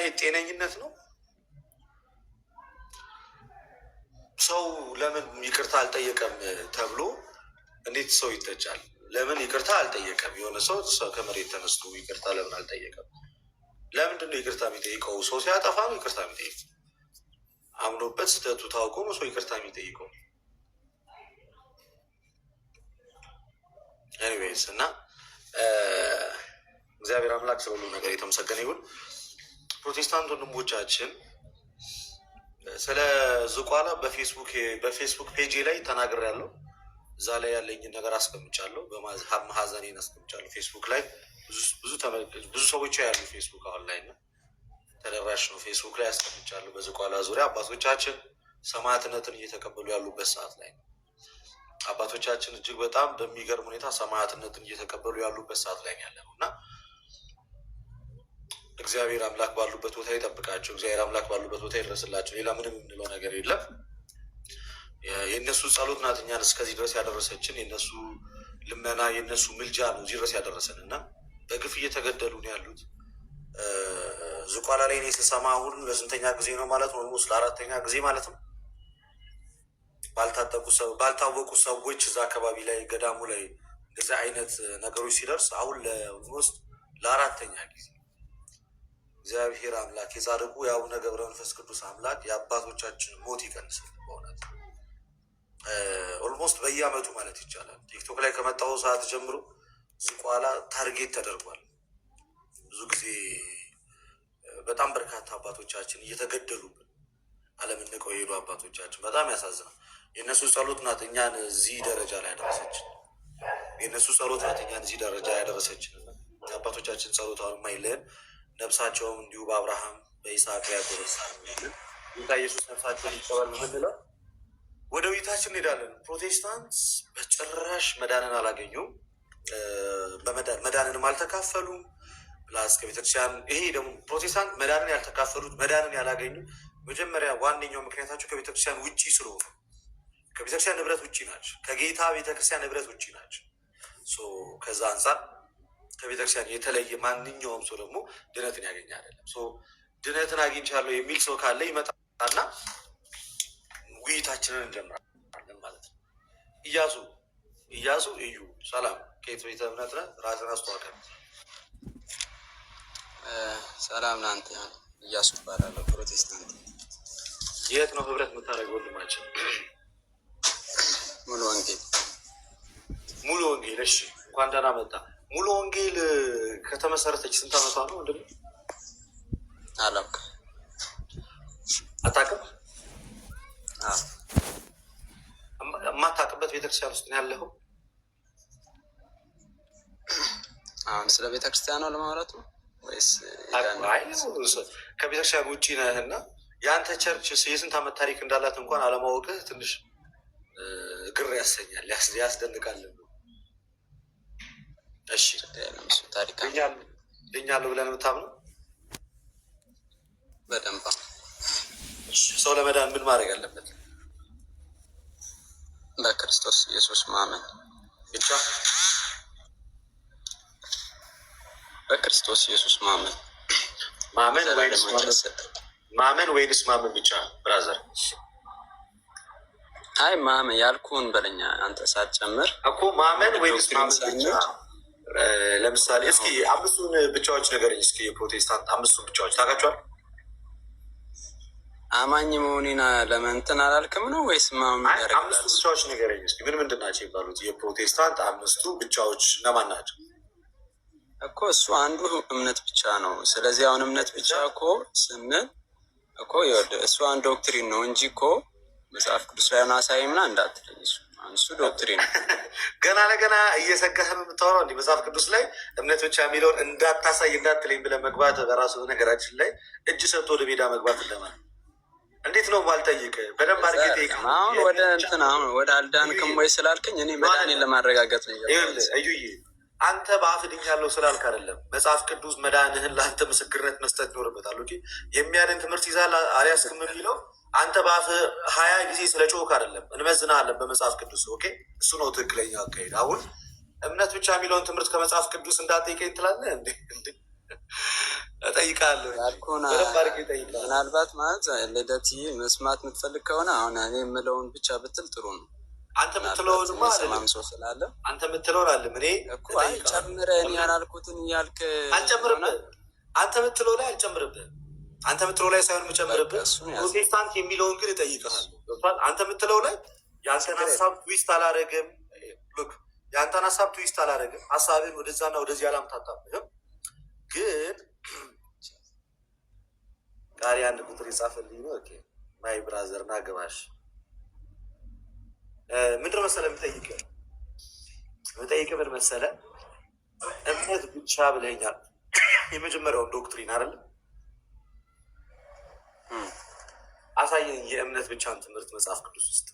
ይሄ ጤነኝነት ነው? ሰው ለምን ይቅርታ አልጠየቀም ተብሎ እንዴት ሰው ይተቻል? ለምን ይቅርታ አልጠየቀም? የሆነ ሰው ከመሬት ተነስቶ ይቅርታ ለምን አልጠየቀም? ለምንድን ነው ይቅርታ የሚጠይቀው? ሰው ሲያጠፋ ነው ይቅርታ የሚጠይቀው። አምኖበት ስህተቱ ታውቆ ነው ሰው ይቅርታ የሚጠይቀው። ኤኒዌይስ እና እግዚአብሔር አምላክ ስለሁሉ ነገር የተመሰገነ ይሁን። ፕሮቴስታንት ወንድሞቻችን ስለ ዝቋላ በፌስቡክ በፌስቡክ ፔጅ ላይ ያለው እዛ ላይ ያለኝ ነገር አስቀምጫለሁ፣ በማሀዘኔን አስቀምጫለሁ። ፌስቡክ ላይ ብዙ ሰዎች ያሉ ፌስቡክ አሁን ላይ ተደራሽ ነው። ፌስቡክ ላይ አስቀምጫለሁ። በዝቋላ ዙሪያ አባቶቻችን ሰማዕትነትን እየተቀበሉ ያሉበት ሰዓት ላይ ነው። አባቶቻችን እጅግ በጣም በሚገርም ሁኔታ ሰማዕትነትን እየተቀበሉ ያሉበት ሰዓት ላይ ያለ ነው እና እግዚአብሔር አምላክ ባሉበት ቦታ ይጠብቃቸው። እግዚአብሔር አምላክ ባሉበት ቦታ ይድረስላቸው። ሌላ ምንም የምንለው ነገር የለም። የእነሱ ጸሎት ናት እኛን እስከዚህ ድረስ ያደረሰችን። የእነሱ ልመና፣ የእነሱ ምልጃ ነው እዚህ ድረስ ያደረሰን እና በግፍ እየተገደሉ ነው ያሉት። ዝቋላ ላይ እኔ ስሰማ አሁን ለስንተኛ ጊዜ ነው ማለት ነው? ለአራተኛ ጊዜ ማለት ነው። ባልታወቁ ሰዎች እዛ አካባቢ ላይ ገዳሙ ላይ እንደዚህ አይነት ነገሮች ሲደርስ አሁን ለአራተኛ ጊዜ እግዚአብሔር አምላክ የጻድቁ የአቡነ ገብረ መንፈስ ቅዱስ አምላክ የአባቶቻችን ሞት ይቀንስል። በእውነት ኦልሞስት በየአመቱ ማለት ይቻላል ቲክቶክ ላይ ከመጣው ሰዓት ጀምሮ ዝቋላ ታርጌት ተደርጓል። ብዙ ጊዜ በጣም በርካታ አባቶቻችን እየተገደሉብን ዓለምን ንቀው የሄዱ አባቶቻችን በጣም ያሳዝናል። የእነሱ ጸሎት ናት እኛን እዚህ ደረጃ ላይ ያደረሰችን። የእነሱ ጸሎት ናት እኛን እዚህ ደረጃ ያደረሰችን። አባቶቻችን ጸሎት አሁን ማይለን ነፍሳቸውም እንዲሁ በአብርሃም በይስሐቅ ያዕቆብ ጌታ ኢየሱስ ነፍሳቸውን ይቀበል ምንለው ወደ ውይይታችን እንሄዳለን። ፕሮቴስታንት በጭራሽ መዳንን አላገኙም፣ መዳንንም አልተካፈሉም። ፕላስ ከቤተክርስቲያን ይሄ ደግሞ ፕሮቴስታንት መዳንን ያልተካፈሉት መዳንን ያላገኙ መጀመሪያ ዋነኛው ምክንያታቸው ከቤተክርስቲያን ውጭ ስለሆኑ ከቤተክርስቲያን ንብረት ውጭ ናቸው። ከጌታ ቤተክርስቲያን ንብረት ውጭ ናቸው። ከዛ አንጻር ከቤተክርስቲያን የተለየ ማንኛውም ሰው ደግሞ ድነትን ያገኘ አይደለም። ድነትን አግኝቻለሁ የሚል ሰው ካለ ይመጣና ውይይታችንን እንጀምራለን ማለት ነው። እያሱ እያሱ እዩ ሰላም፣ ከየት ቤተ እምነት ነህ? ራስን አስተዋውቀን። ሰላም ናንተ እያሱ እባላለሁ። ፕሮቴስታንት። የት ነው ህብረት የምታደርገው ወንድማችን? ሙሉ ወንጌል። ሙሉ ወንጌል። እሺ፣ እንኳን ደህና መጣ ሙሉ ወንጌል ከተመሰረተች ስንት ዓመቷ ነው? ወንድ አላውቅም፣ አታውቅም። የማታውቅበት ቤተክርስቲያን ውስጥ ነው ያለው። አሁን ስለ ቤተክርስቲያን ነው ለማውራት ነው ወይስ ከቤተክርስቲያን ውጭ ነህ? እና የአንተ ቸርች የስንት ዓመት ታሪክ እንዳላት እንኳን አለማወቅህ ትንሽ ግር ያሰኛል፣ ያስደንቃል። እሺ ታሪክ ድኛለሁ ብለን የምታምነው በደንብ ሰው ለመዳን ምን ማድረግ አለበት? በክርስቶስ ኢየሱስ ማመን ብቻ። በክርስቶስ ኢየሱስ ማመን ማመን ወይንስ ማመን ወይንስ ማመን ብቻ? ብራዘር አይ ማመን ያልኩህን በለኛ አንተ ሳትጨምር እኮ ማመን ወይንስ ማመን ብቻ ለምሳሌ እስኪ አምስቱን ብቻዎች ንገረኝ። እስኪ የፕሮቴስታንት አምስቱን ብቻዎች ታውቃቸዋል? አማኝ መሆኔን ለመንትን አላልክም ነው ወይስ ማ አምስቱ ብቻዎች ንገረኝ እስኪ ምን ምንድን ናቸው የሚባሉት? የፕሮቴስታንት አምስቱ ብቻዎች ለማን ናቸው? እኮ እሱ አንዱ እምነት ብቻ ነው። ስለዚህ አሁን እምነት ብቻ እኮ ስንል እኮ እሱ አንድ ዶክትሪን ነው እንጂ እኮ መጽሐፍ ቅዱስ ላይ ሆነ አሳይ ምና እንዳትለኝ እሱ እሱ ዶክትሪን ገና ለገና እየሰገህ የምታወራው እንዲህ መጽሐፍ ቅዱስ ላይ እምነት ብቻ የሚለውን እንዳታሳይ እንዳትለኝ ብለህ መግባት በራሱ ነገራችን ላይ እጅ ሰጥቶ ወደ ሜዳ መግባት ለማለት እንዴት ነው ማልጠይቅ በደንብ አድርጌ ጠይቅ። አሁን ወደ እንትን አሁን ወደ አልዳንክም ወይ ስላልክኝ እኔ መድኃኒን ለማረጋገጥ ነው። እዩዬ አንተ በአፍ ድኛለሁ ስላልክ አይደለም መጽሐፍ ቅዱስ መድኃኒህን ለአንተ ምስክርነት መስጠት ይኖርበታል። የሚያድን ትምህርት ይዛል አልያዝክም የሚለው አንተ በአፍ ሀያ ጊዜ ስለ ጮክ አይደለም እንመዝናለን በመጽሐፍ ቅዱስ ኦኬ። እሱ ነው ትክክለኛ አካሄድ። አሁን እምነት ብቻ የሚለውን ትምህርት ከመጽሐፍ ቅዱስ እንዳጠይቀኝ ትላለህ እንዴ? ምናልባት ማለት ልደት መስማት የምትፈልግ ከሆነ አሁን እኔ የምለውን ብቻ ብትል ጥሩ ነው። አንተ የምትለውንማ ሰው ስላለ አንተ የምትለውን አለም እኔ ጨምረ እኔ ያላልኩትን እያልክ አልጨምርብህ። አንተ የምትለው ላይ አልጨምርብህ አንተ የምትለው ላይ ሳይሆን የምጨምርብህ ፕሮቴስታንት የሚለውን ግን እጠይቅሃል። አንተ የምትለው ላይ የአንተን ሀሳብ ትዊስት አላረግም። ሉክ የአንተን ሀሳብ ትዊስት አላረግም። ሀሳብን ወደዛና ወደዚህ አላምታታብህም። ግን ቃሪ አንድ ቁጥር የጻፈልኝ ነው። ማይ ብራዘር ና ግባሽ ምንድን መሰለ የምጠይቅህ የምጠይቅህ ምን መሰለ እምነት ብቻ ብለኛል። የመጀመሪያውን ዶክትሪን አይደለም አሳየኝ የእምነት ብቻን ትምህርት መጽሐፍ ቅዱስ ውስጥ።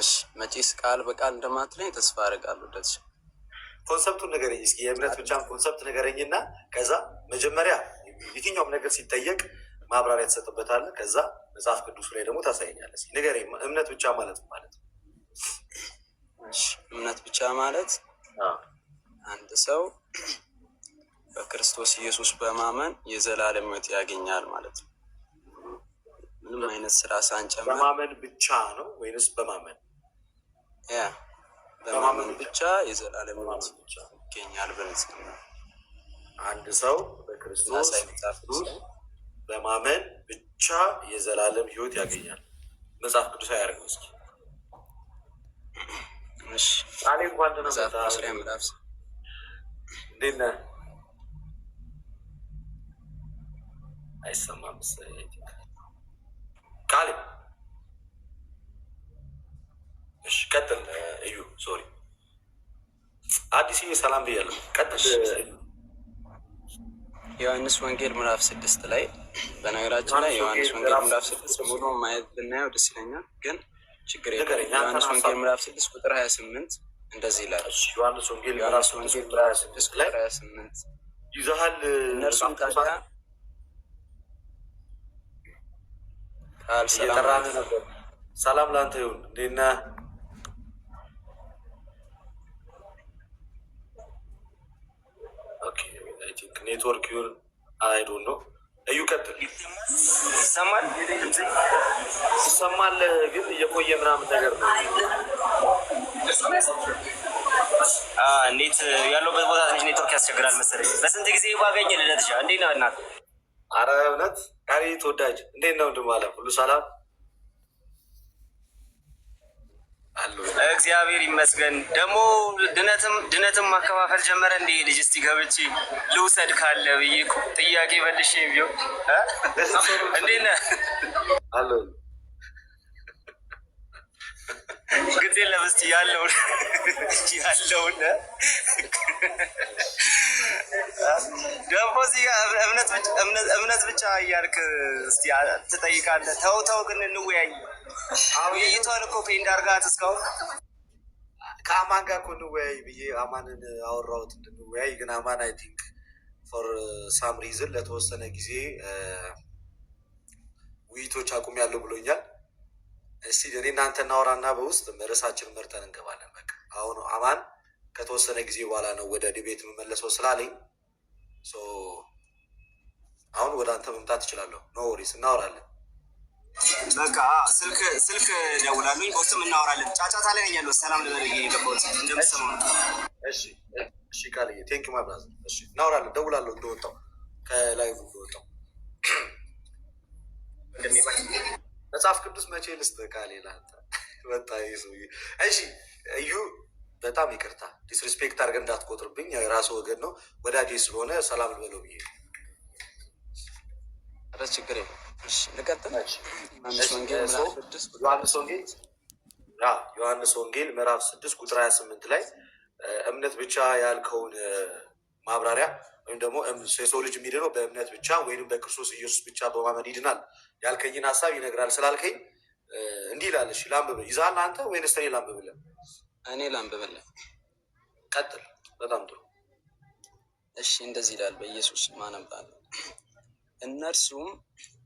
እሺ መቼስ ቃል በቃል እንደማትለኝ ተስፋ አደርጋለሁ። ደስ ኮንሰፕቱን ንገረኝ እስኪ የእምነት ብቻን ኮንሰፕት ንገረኝና ከዛ መጀመሪያ የትኛውም ነገር ሲጠየቅ ማብራሪያ ትሰጥበታለህ። ከዛ መጽሐፍ ቅዱሱ ላይ ደግሞ ታሳየኛለህ። ንገረኝ እምነት ብቻ ማለት ማለት እምነት ብቻ ማለት አንድ ሰው በክርስቶስ ኢየሱስ በማመን የዘላለም ሕይወት ያገኛል ማለት ነው። ምንም አይነት ስራ ሳንጨምር በማመን ብቻ ነው ወይንስ በማመን ያ በማመን ብቻ የዘላለም ሕይወት ይገኛል? በንጽህና አንድ ሰው በክርስቶስ በማመን ብቻ የዘላለም ሕይወት ያገኛል። መጽሐፍ ቅዱስ አያደርገው እስኪ ቃሌ እንኳን ተነሳ። እንዴት ነህ? አይሰማም። ቃል እሺ፣ ቀጥል እዩ። ሶሪ አዲስ ሰላም ብያለሁ። ቀጥል ዮሐንስ ወንጌል ምዕራፍ ስድስት ላይ በነገራችን ላይ ዮሐንስ ወንጌል ምዕራፍ ስድስት ሙሉ ማየት ብናየው ደስ ይለኛል፣ ግን ችግር የለም። ዮሐንስ ወንጌል ምዕራፍ ስድስት ቁጥር ሀያ ስምንት እንደዚህ ይላል። ዮሐንስ ወንጌል ምዕራፍ ስድስት ቁጥር ሀያ ስምንት ይዛሃል እነርሱም ታዲያ እየጠራን ነበር። ሰላም ለአንተ ይሁን። እንዴት ነህ? ኔትወርክ ይሁን አይዶ ነው እዩ ቀጥል። ይሰማል ይሰማል፣ ግን እየቆየ ምናምን ነገር ነው። እንዴት ያለበት ቦታ ትንሽ ኔትወርክ ያስቸግራል መሰለኝ። በስንት ጊዜ ባገኘ ልደትሻ እንዴ ነው እናት አረ እውነት ዳኒ ተወዳጅ፣ እንዴት ነው? ወንድም አለ ሁሉ ሰላም እግዚአብሔር ይመስገን። ደግሞ ድነትም ድነትም ማከፋፈል ጀመረ። እንደ ልጅ እስቲ ገብቼ ልውሰድ ካለ ብዬ ጥያቄ በልሽ ቢዮ እንዴ አለ ግዜ ለብስቲ ያለውን ያለውን ደግሞ እዚህ እምነት ብቻ እያልክ እስኪ ትጠይቃለህ። ተው ተው ግን እንወያይ። ውይይቷን እኮ ፔንድ አድርጋት እስካሁን ከአማን ጋር እኮ እንወያይ ብዬ አማንን አወራሁት እንድንወያይ። ግን አማን አይ ቲንክ ፎር ሳም ሪዝን ለተወሰነ ጊዜ ውይይቶች ያለው ብሎኛል። እስቲ እኔ እናንተ እናወራና በውስጥ ርዕሳችን መርጠን እንገባለን። በቃ አሁን አማን ከተወሰነ ጊዜ በኋላ ነው ወደ ዲቤት የምመለሰው ስላለኝ አሁን ወደ አንተ መምጣት እችላለሁ። ኖ ወሪስ እናወራለን። በቃ ስልክ ስልክ ደውላሉኝ፣ በውስጥም እናወራለን። ጫጫታ ላይ ነኝ ያለው ሰላም ልበል የገባት እንደምሰማ እሺ፣ እሺ፣ ቃልዬ ቴንክ ዩ ማብራዝ። እሺ፣ እናወራለን። ደውላለሁ እንደወጣው ከላይቭ እንደወጣው መጽሐፍ ቅዱስ መቼ ልስጥ ቃል ላንተ ወጣ። እሺ እዩ በጣም ይቅርታ ዲስሪስፔክት አድርገን እንዳትቆጥርብኝ። የራሱ ወገን ነው ወዳጄ ስለሆነ ሰላም ልበለው ብዬ ረስ ችግር የለም። ዮሐንስ ወንጌል ምዕራፍ ስድስት ቁጥር ሀያ ስምንት ላይ እምነት ብቻ ያልከውን ማብራሪያ ወይም ደግሞ የሰው ልጅ የሚድነው በእምነት ብቻ ወይም በክርስቶስ ኢየሱስ ብቻ በማመን ይድናል ያልከኝን ሀሳብ ይነግራል ስላልከኝ እንዲህ ይላለሽ። ላንብብ ይዛል አንተ ወይንስ እኔ ላንብብለን? እኔ ላንብብልህ፣ ቀጥል። በጣም ጥሩ እሺ። እንደዚህ ይላል በኢየሱስ ማነባለ እነርሱም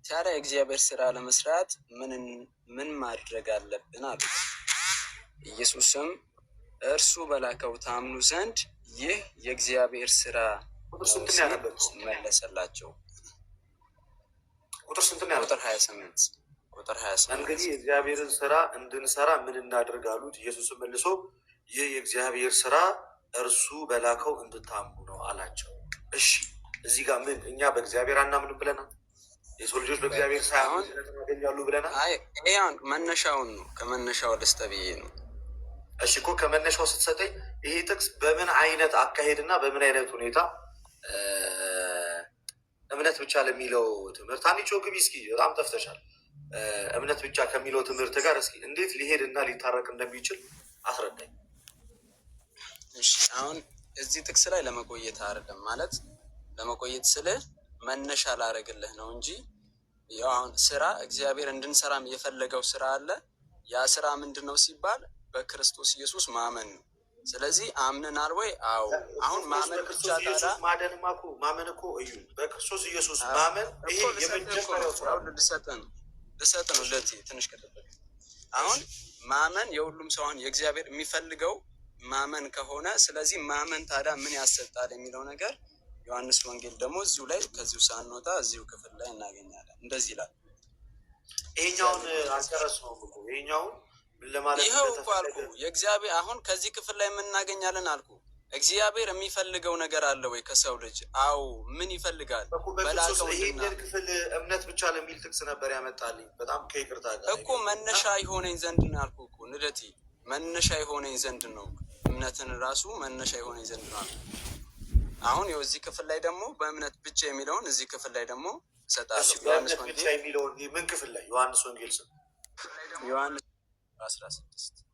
ታዲያ የእግዚአብሔር ስራ ለመስራት ምን ማድረግ አለብን አሉት። ኢየሱስም እርሱ በላከው ታምኑ ዘንድ ይህ የእግዚአብሔር ስራ መለሰላቸው። ቁጥር ስንት ነው? ቁጥር ሀያ ስምንት ቁጥር ሀያ ስምንት እንግዲህ የእግዚአብሔርን ስራ እንድንሰራ ምን እናድርግ አሉት። ኢየሱስ መልሶ ይህ የእግዚአብሔር ስራ እርሱ በላከው እንድታምኑ ነው አላቸው። እሺ እዚህ ጋር ምን እኛ በእግዚአብሔር አናምንም ብለናል? የሰው ልጆች በእግዚአብሔር ሳይሆን ያገኛሉ ብለናል። ይሁን መነሻውን ነው ከመነሻው ደስተ ብዬ ነው። እሺ እኮ ከመነሻው ስትሰጠኝ ይሄ ጥቅስ በምን አይነት አካሄድና በምን አይነት ሁኔታ እምነት ብቻ ለሚለው ትምህርት አንቾ ግቢ እስኪ በጣም ጠፍተሻል። እምነት ብቻ ከሚለው ትምህርት ጋር እስኪ እንዴት ሊሄድ እና ሊታረቅ እንደሚችል አስረዳኝ። አሁን እዚህ ጥቅስ ላይ ለመቆየት አይደለም ማለት ለመቆየት ስልህ መነሻ ላረግልህ ነው እንጂ ያው አሁን ስራ እግዚአብሔር እንድንሰራም የፈለገው ስራ አለ። ያ ስራ ምንድን ነው ሲባል በክርስቶስ ኢየሱስ ማመን ነው። ስለዚህ አምነናል ወይ? አዎ። አሁን ማመን ብቻ ታዲያ ማደንማ እኮ ማመን እኮ እዩ በክርስቶስ ኢየሱስ ማመን ይሄ የመጀመሪያው ስራ ልሰጠ ነው ልሰጥ ነው። ለዚህ ትንሽ ከጠበቅ አሁን ማመን የሁሉም ሰውን የእግዚአብሔር የሚፈልገው ማመን ከሆነ ስለዚህ ማመን ታዲያ ምን ያሰጣል የሚለው ነገር ዮሐንስ ወንጌል ደግሞ እዚሁ ላይ ከዚሁ ሳንወጣ እዚሁ ክፍል ላይ እናገኛለን። እንደዚህ ይላል። ይሄኛውን አልጨረስ ነው ይሄኛውን ምን ለማለት ይኸው እኮ አልኩ የእግዚአብሔር አሁን ከዚህ ክፍል ላይ የምናገኛለን አልኩ እግዚአብሔር የሚፈልገው ነገር አለ ወይ ከሰው ልጅ? አዎ። ምን ይፈልጋል? ይሄንን ክፍል እምነት ብቻ ለሚል ጥቅስ ነበር ያመጣልኝ። በጣም ከይቅርታ እኮ መነሻ የሆነኝ ዘንድ ነው ያልኩህ እኮ ንደቴ፣ መነሻ የሆነኝ ዘንድ ነው እምነትን ራሱ መነሻ የሆነኝ ዘንድ ነው። አሁን ይኸው እዚህ ክፍል ላይ ደግሞ በእምነት ብቻ የሚለውን እዚህ ክፍል ላይ ደግሞ እሰጣለሁ። በእምነት ብቻ የሚለውን ምን ክፍል ላይ? ዮሐንስ ወንጌል ስ ዮሐንስ አስራ ስድስት